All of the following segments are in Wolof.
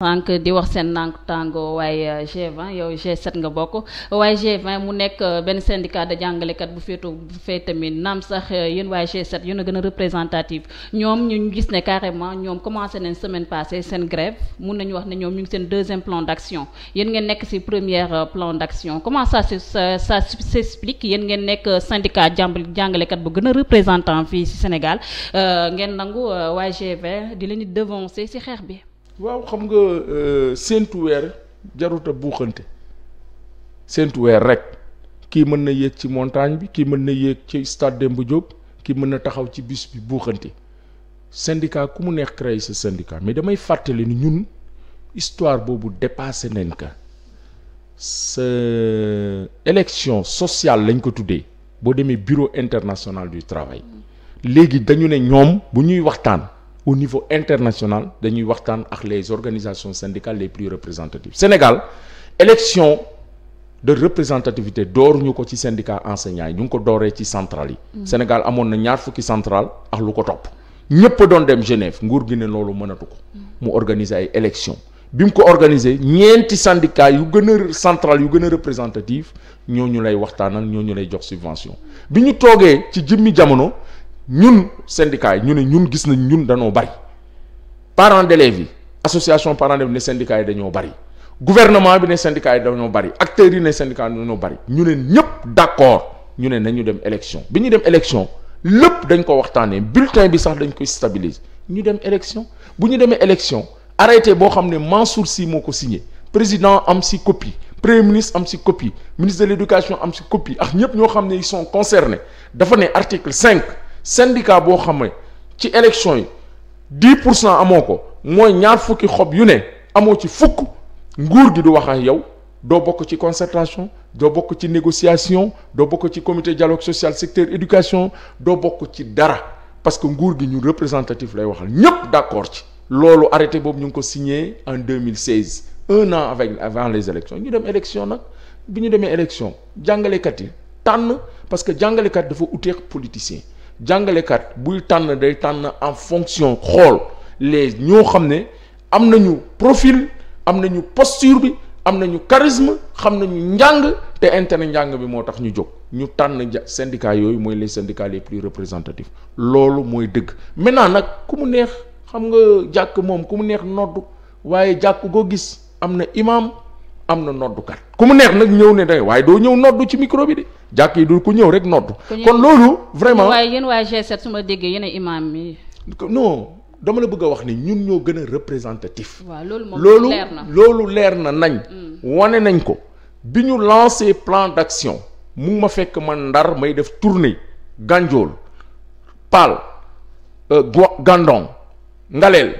sànq di wax seen nànk tàngoo waaye euh, G20 yow G7 nga bokk waaye G20 mu nekk euh, benn syndicat de jàngalekat bu féetu bu fee tamit naam sax euh, yéen waaye G7 yéen a gën a représentatif ñoom ñu gis ne carrément ñoom commencé nañ semaine passé seen grève mun nañu wax ne ñoom ñu ngi seen deuxième plan d'action yéen ngeen nekk ci première plan d'action comment ça sa ça s'explique yéen ngeen nekk syndicat jàmb jàngalekat bu gën a représentant fii ci Sénégal ngeen nangu waaye g di leen di devancer xeex bi. waaw xam nga euh, séentu weer jaruta buuxante séentu weer rek kii mën na yéeg ci montagne bi kii mën na yéeg ci stade Demba Diop kii mën na taxaw ci bus bi buuxante syndicat ku mu neex créer sa syndicat mais damay fàttali ni ñun histoire boobu dépassé nañ sa élection sociale lañ ko tuddee boo demee bureau internationale du travail léegi dañu ne ñoom bu ñuy waxtaan au niveau international dañuy waxtaan ak les organisations syndicales les plus représentatives Sénégal élection de représentativité dooruñu ko ci syndicat enseignants yi ñu ngi ko dooree ci centrale yi mm. Sénégal amoon na ñaar fukki centrale ak lu ko topp ñépp doon dem Genève nguur gi ne loolu mënatu ko mm. mu organiser ay élection bi mu ko organiser ñeenti syndicat yu gën a central yu gën a représentatif ñooñu lay waxtaanal ñooñu lay jox subvention bi ñu toogee ci jëmmi jamono ñun syndicat yi ñu ne ñun gis nañ ñun dañoo bari parents d'élèves yi association parents d'élèves ne syndicats yi dañoo bari gouvernement bi ne syndicats yi dañoo bari acteurs yi ne syndicats yi dañoo bari ñu ne ñëpp d'accord ñu ne nañu dem élection bi ñu dem élection lépp dañ ko waxtaanee bulletin bi sax dañu koy stabilise ñu dem élection bu ñu demee élection arrêté boo xam ne Mansour Sy moo ko signé président am si copie premier ministre am si copie ministre de l'éducation am si copie ak ñëpp ñoo xam ne ils sont dafa ne article cinq syndicat boo xam ne ci élection yi dix pour cent amoo ko mooy ñaar fukki xob yu ne amoo ci fukk nguur gi du wax ak yow doo bokk ci concertation doo bokk ci négociation doo bokk ci commité dialogue social secteur éducation doo bokk ci dara parce que nguur gi ñu représentatif lay waxal ñëpp d'accord ci loolu arrêté boobu ñu ngi ko signé en 2016 un an avec avant les élections ñu dem élection nag bi ñu demee élection jàngalekat yi tànn parce que jàngalekat dafa uteex politicien jàngalekat buy tànn day tànn en fonction xool lee ñoo xam ne am nañu profil am na ñu posture bi am nañu charisme xam nañu njàng te intérêt njàng bi moo tax ñu jóg ñu tànn syndicat yooyu mooy les syndicats les plus représentatifs loolu mooy dëgg maintenant nag ku mu neex xam nga jàkk moom ku mu neex nodd waaye jàkk goo gis am na imam am na noddukat ku mu neex nag ñëw ne day waaye doo ñëw noddu ci micro bi de jàkk yi du ko ñëw rek noddu. kon loolu vraiment waaye yéen waa G7 su ma déggee yéen imaam yi. non dama la bëgg a wax ni ñun ñoo gën a représentatif. waaw loolu moom leer na loolu leer na nañ. Mm. wane nañ ko bi ñu lancé plan d'action mu ma fekk man ndar may def tournée Ganjool Paal euh, Gandon Ngaleel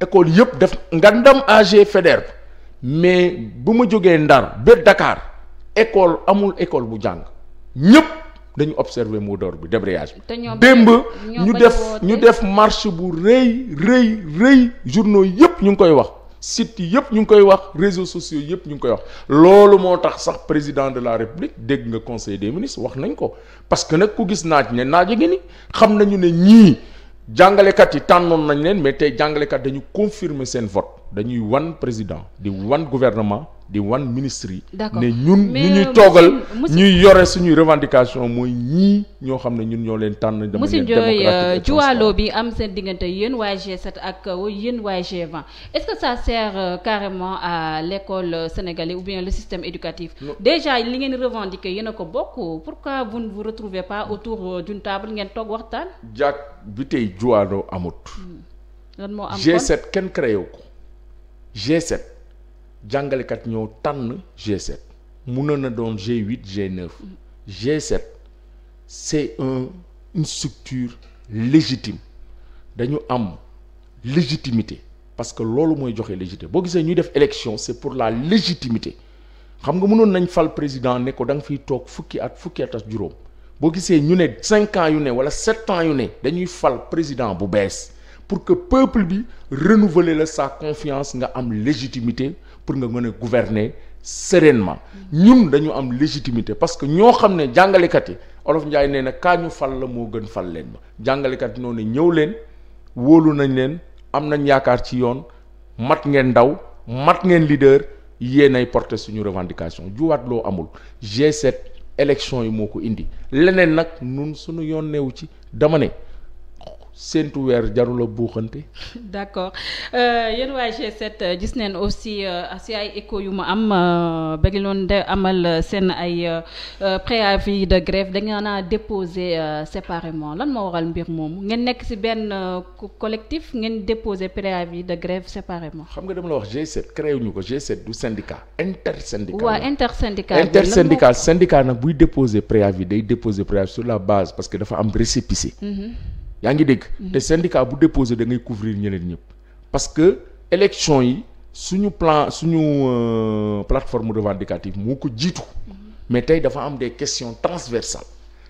école yëpp def ngandam AG Feder. mais bu ma jógee Ndar ba Dakar école amul école bu jàng ñëpp dañu observer mot d'ordre bi débrayage bi démb ñu def ñu def marche bu rëy rëy rëy journaux yëpp ñu ngi koy wax sites yëpp ñu ngi koy wax réseaux sociaux yëpp ñu ngi koy wax loolu moo tax sax président de la république dégg nga conseil des ministres wax nañ ko parce que nag ku gis naaj ne naaj a ngi ni xam nañu ne ñii jàngalekat yi tànnoon nañ leen mais tey jàngalekat dañu confirmer seen vote dañuy wan président di wan gouvernement di wan ministre yi. ne ñun ñu ñuy euh, toogal ñuy yore suñuy revendication mooy ñii ñoo xam ne ñun ñoo leen tànn. dama leen démocratique juwaaloo euh, bi am seen diggante yéen waa G7 ak euh, yéen waa G20 est que ça sert carrément à l'école sénégalaise ou bien le système éducatif. déjà li ngeen revendiquer yéen a ko bokk pour vous ne vous retrouvez pas autour d'une table ngeen toog waxtaan. jàkk bi tey juwaaloo amut. Hmm. lan moo am G7 kenn créé ko G7. jàngalekat ñoo tànn G7 mënoon na doon G8 G9 G7 c'est un une structure légitime dañu am légitimité parce que loolu mooy joxe légitimité boo gisee ñuy def élection c'est pour la légitimité xam nga mënoon nañ fal président ne ko da nga fiy toog fukki at fukki at ak juróom boo gisee ñu ne cinq yu ne wala sept ans yu ne dañuy fal président bu bees pour que peuple bi renouveler la sa confiance nga am légitimité pour nga mën a gouverner sereinement ñun dañu am légitimité parce que ñoo xam ne jàngalekat yi olof Njaay nee na kaa ñu fal la moo gën fal leen ma jàngalekat noonu ñëw leen wóolu nañ leen am nañ yaakaar ci yoon mat ngeen ndaw mat ngeen leader yéen ay porté suñu revendication juwaat loo amul G7 élection yi moo ko indi leneen nag nun suñu yoon neewu ci dama ne séntu weer jarul a buuxante. d' accord euh, yéen waa G7 euh, gis neen aussi euh, si ay écho yu ma am ba ngi doon amal seen ay préavis de grève da ngeen a déposé séparément lan moo waral mbir moomu ngeen nekk si benn collectif ngeen déposer déposé préavis de grève séparément. xam nga dama la wax G7 créé ñu ko G7 du syndicat. intersyndical waaw intersyndical. intersyndical syndicat nag buy déposé préavis day déposé préavis sur la base parce que dafa am récépissé. Mhm. yaa ngi dégg. Mm. te syndicat bu déposé da ngay couvrir ñeneen ñëpp. parce que élection yi suñu plan suñu euh, plateforme revendicative moo ko jiitu mm. mais tey dafa am des questions transversal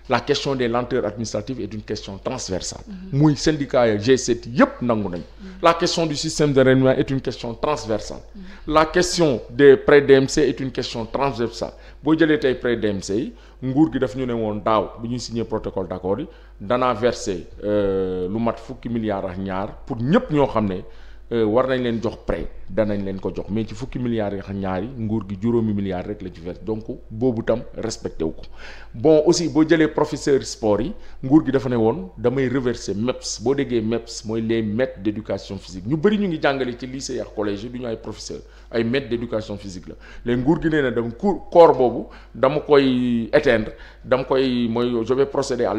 la question des lenteurs administratives est une question transversale muy syndicat ya G7 yépp nangu nañ la question du système de règlement est une question transversale la question des prêts DMC est une question transversale boo jëlee tey prêts DMC yi nguur gi daf ñu ne woon daaw bu ñuy signé protocole d'accord yi danaa verser euh, lu mat fukki milliards ñaar pour ñépp ñoo xam ne Euh, war nañ leen jox prêt danañ leen ko jox mais ci fukki milliards yi nga xam ñaari nguur gi juróomi milliards rek la ci vers donc boobu tam respecté wu ko bon aussi boo jëlee professeur sport yi nguur gi dafa ne woon damay reverser MEPS boo déggee MEPS mooy les maîtres d'éducation physique ñu bëri ñu ngi jàngale ci lycée yi collège yi du ñu ay professeur ay maîtres d'éducation physique la léegi nguur gi nee na dama cour corps boobu dama koy éteindre dama koy mooy je vais procéder à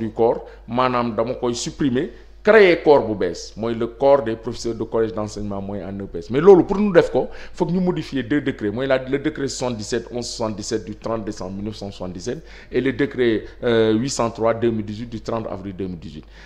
du corps maanaam dama koy supprimer créer corps bu bees mooy le corps des professeurs de collège d'enseignement mooy en EPS mais loolu pour ñu def ko foog ñu modifier deux décrets mooy la le décret 77 1177 et le décret euh, du 30 avril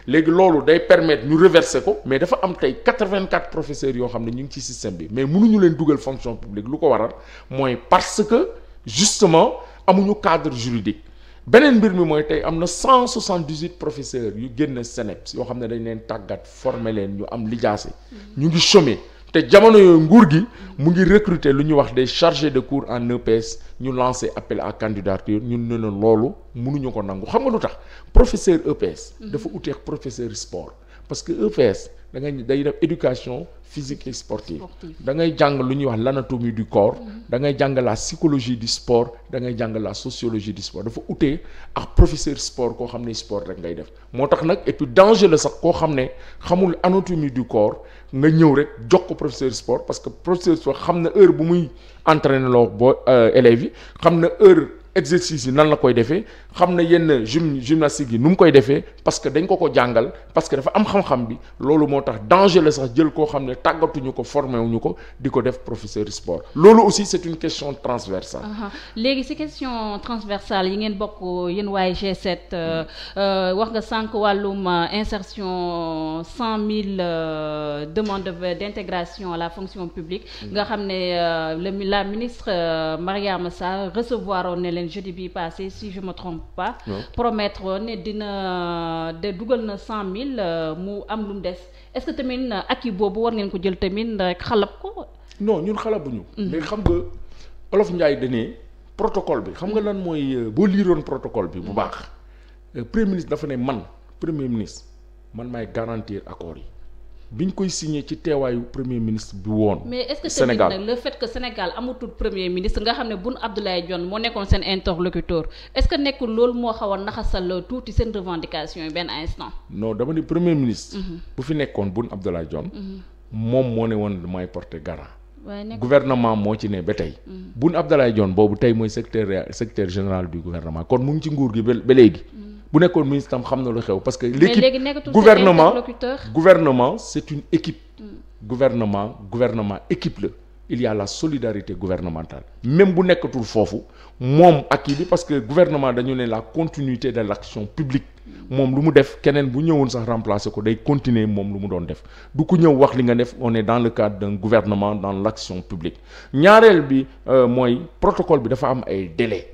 léegi loolu day permettre ñu reverser ko mais dafa am tey 84 professeurs yoo xam ne ñu ngi ci système bi mais mënuñu leen dugal fonction publique lu ko waral mooy parce que justement amuñu cadre juridique beneen mbir mi mooy tey am na cent soixante dix huit professeurs yu génn CNEPS yoo xam ne dañ leen tàggat former leen ñu am lijaase mm-hmm. ñu ngi chômer te jamono yooyu nguur gi mu ngi recruter lu ñuy wax des chargés de cours en EPS ñu lancé appel à candidature ñun ne na loolu mënuñu ko nangu xam nga lu tax professeur EPS. Mm-hmm. dafa uteex professeur sport parce que EPS. da day def éducation physique et sportive da ngay jàng lu ñuy wax l'anatomie du corps da ngay jàng la psychologie du sport da ngay jàng la sociologie du sport dafa utee ak professeur sport koo xam ne sport rek ngay def moo tax nag et puis danger la sax koo xam ne xamul anatomie du corps nga ñëw rek jox ko professeur sport parce que professeur sport xam na heure bu muy entraîner loo boo euh, élèves yi xam na heure exercice yi nan la koy defee xam na yenn gym gymnastique yi nu mu koy defee parce que dañ ko ko jàngal parce que dafa am xam-xam bi loolu moo tax danger la sax jël koo xam ne tàggatuñu ko formé wuñu ko di ko def professeur sport loolu aussi c'est une question transversale. léegi si question transversale yi ngeen bokk yéen waaye G7 euh, euh, wax nga sànq wàllum euh, insertion cent mille demandes d'intégration à la fonction publique. Mm. nga xam ne la ministre Mariama Sarr recevoir woon ne leen jeudi bi passé si trompe pas. promettre woon ne dina de dugal na cent mille euh, mu am lu mu des est ce que tamit euh, ak yi boobu war ngeen ko jël tamit euh, xalab ko. no ñun xalabuñu. léegi mm-hmm. xam nga olof Ndiaye dañee protocole bi xam nga lan mooy boo liiroon protocole bi bu mm-hmm. baax premier ministre dafa ne man premier ministre man maay garantir accord yi. bi ñu koy signé ci teewaayu premier ministre bi woon. mais est-ce que Sénégal nag le fait Sénégal amatul premier ministre nga xam ne Boun Abdallah Dionne moo nekkoon seen interlocuteur est que nekkul loolu moo xaw a naxasal tuuti seen revendication yi benn instant. non dama ni premier ministre. Mhm. bu fi nekkoon Boun Abdallah Dionne. Mhm. moom moo ne woon may porter garant. gouvernement moo ci ne ba tey. Mhm. Boun Abdallah Dionne boobu tey mooy secrétaire secrétaire général du gouvernement kon mu ngi ci nguur gi ba léegi. bu nekkoon ministre tam xam na lu xew parce que l'équipe gouvernement gouvernement c'est une équipe mm. gouvernement gouvernement équipe la il y la solidarité gouvernementale même bu nekkatul foofu moom ak kii bi parce que gouvernement dañu ne la continuité de l'action publique mm. moom lu mu def keneen bu ñëwoon sax remplacer ko day continuer moom lu mu doon def du ku ñëw wax li nga def on est dans le cadre d'un gouvernement dans l'action publique ñaareel bi euh, mooy protocole bi dafa am ay délais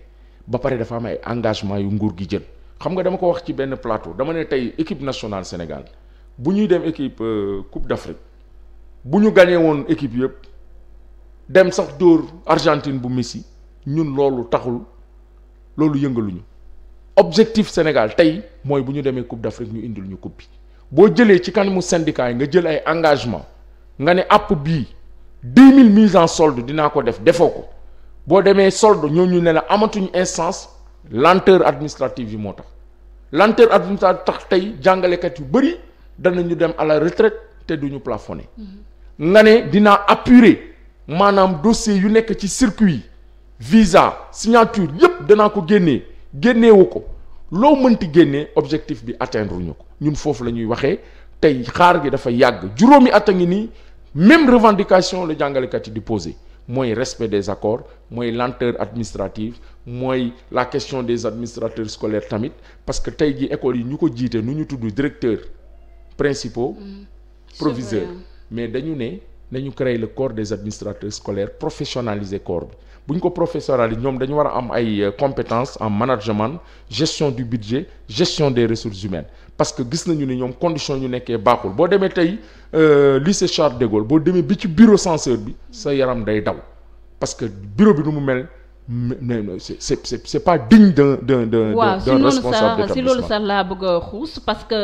ba pare dafa am ay engagements yu nguur gi jël xam nga dama ko wax ci benn plateau dama ne tey équipe nationale Sénégal bu ñuy dem équipe euh, Coupe d'Afrique bu ñu ganee woon équipe yëpp dem sax dóor Argentine bu Messi ñun loolu taxul loolu yëngaluñu objectif Sénégal tey mooy bu ñu demee Coupe d'Afrique ñu indil ñu coupe bi boo jëlee ci kanamu syndicat yi nga jël ay engagement nga ne app bii dix mille mises en solde dinaa ko def defoo ko boo demee solde ñu ne la amatuñu instance lanteur administrative yi moo tax lenteur administrative tax tey jàngalekat yu bëri danañu dem à la retraite te duñu plafonné mm-hmm. nga ne dinaa apurer maanaam dossier yu nekk ci circuit visa signature yépp danaa ko génnee génneewu ko loo mënti génnee objectif bi atteindre ñu ko ñun foofu la ñuy waxee tey xaar gi dafa yàgg juróomi at a ngi nii même revendication la jàngalekat yi di posé mooy respect des accords mooy lenteur administrative mooy la question des administrateurs scolaires tamit parce que tey jii école yi ñu ko jiite nu ñu tudd directeur principaux mm, proviseurs mais dañu ne nañu créer le corps des administrateurs scolaires professionnaliser corps bu ñu ko professoral yi ñoom dañu war a am ay euh, compétence en management gestion du budget gestion des ressources humaines parce que gis nañu ni ñoom condition ñu nekkee baaxul boo demee tey euh, lycée Charles de Gaulle boo demee bi ci bureau censeur bi sa yaram day daw parce que bureau bi nu mu mel mais c'est c'est c'est pas digne d'un d'un d'un d'un responsable d'établissement waaw si loolu sax laa bëgg a xuus parce que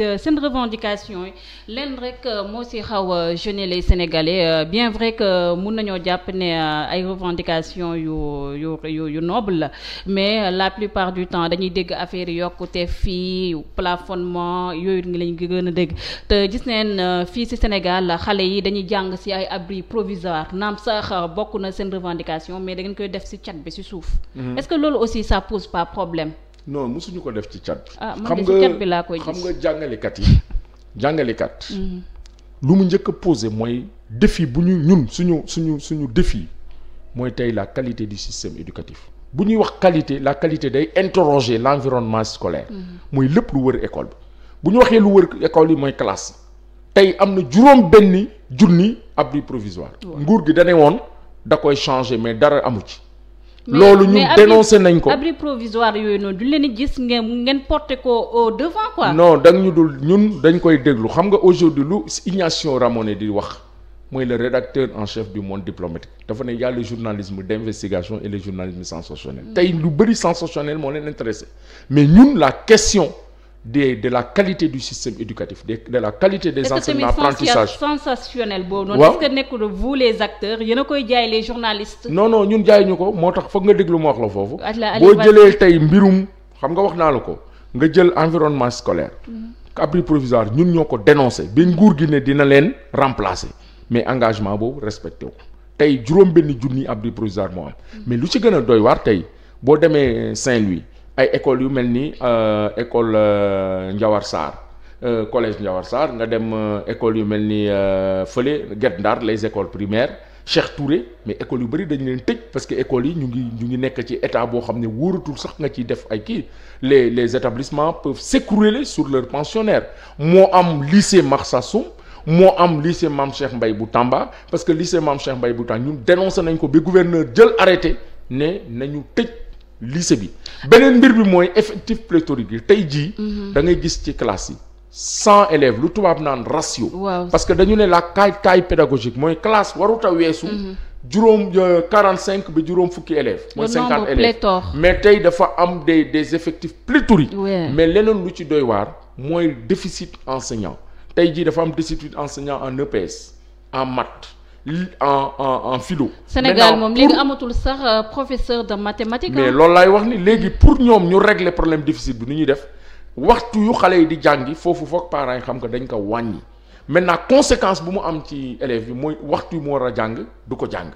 euh, seen revendication yi leen rek euh, moo si xaw a gêner les Sénégalais euh, bien vrai que mun nañoo jàpp ne ay revendications yu yu yu yu noble la mais la plupart du temps dañuy dégg affaire yi yokkute fii plafonnement yooyu ngi lañ gën a dégg te gis neen fii si Sénégal xale yi dañuy jàng si ay abri provisoire naam sax bokk na seen revendication mais da ngeen koy def si cat bi si suuf. Mhm. est-ce que loolu aussi ça pose pas problème. non suñu ko def ci cat. ah man de bi koy xam nga jàngalekat yi jàngalekat. Mhm. lu mu njëkk a mooy defi bu ñu ñun suñu suñu suñu defi mooy tey la qualité du système éducatif. bu ñuy wax qualité la qualité day interroger l'environnement scolaire. Mhm. mooy lépp lu wër école bi. bu ñu waxee lu wër école yi mooy classe tey am na juróom benni junni abri provisoire nguur gi dane woon da koy changer mais dara amu ci loolu ñu dénoncé nañ ko abri provisoire yooyu noonu duñ leen gis ngeen ngeen porté ko euh, au non da ñu dul ñun dañ koy déglu xam nga aujourd'hui lu Ignacio Ramonet di wax mooy le rédacteur en chef du monde diplomatique dafa ne y a le journalisme d'investigation et le journalisme sensationnel. Mm. tey lu bëri sensationnel moo leen intéressé mais ñun la question. de de la qualité du système éducatif des de la qualité des enseignements apprentissage sensationnel boobu noonu est-ce que nekkul vous les acteurs yéen a koy jaay les journalistes non non ñun jaay ñu ko moo tax foog nga déglu ma wax la foofu boo jëlee tey mbirum xam nga wax naa la ko nga jël environnement scolaire mm-hmm. abri provisoire ñun ñoo ko dénoncé bi nguur gi ne dina leen remplacer mais engagement boobu respecté ko tey juróom benn junni abri provisoire moo mm-hmm. mais lu ci gën a doy waar tey boo demee Saint-Louis ay écoles yu mel ni euh, école euh, Njawar Sarr euh, collège Njawar Sarr nga dem école yu mel ni fële Guet Ndar les écoles primaires Cheikh Touré mais école yu bëri dañ leen tëj parce que école yi ñu ngi ñu ngi nekk ci état boo xam ne wóoratul sax nga ciy def ay kii les les établissements peuvent s'écrouler sur leurs pensionnaires moo am lycée Marsassoum moo am lycée Mame Cheikh Mbaye bu Tamba parce que lycée Mame Cheikh mbay bu Tamba ñun dénoncé nañ ko bi gouverneur jël arrêté ne nañu tëj lise bi beneen mbir bi mooy effectif pléthorique yi tey jii. Mhm. da ngay gis ci classe yi cent élèves lu tubaab naan ratio. waaw parce que dañu ne la caille caille pédagogique mooy classe warut a weesu. Mhm. juróom euh, quarante cinq ba juróom fukki élèves. mooy cinquante élèves mais tey dafa am des des effectifs pléthoriques. mais leneen lu ci doy waar mooy déficit enseignant tey jii dafa am déficit enseignant en EPS en maths. en en en philo. Sénégal moom léegi amatul sax euh, professeur de mathématiques. mais loolu laay wax ni léegi pour ñoom ñu régler problème déficit bi nu ñuy def waxtu yu xale yi di jàngi foofu foog parents yi xam nga dañ ko wàññi maintenant conséquence bu mu am ci élève yi mooy waxtu yu mu war a jàng du ko jàng.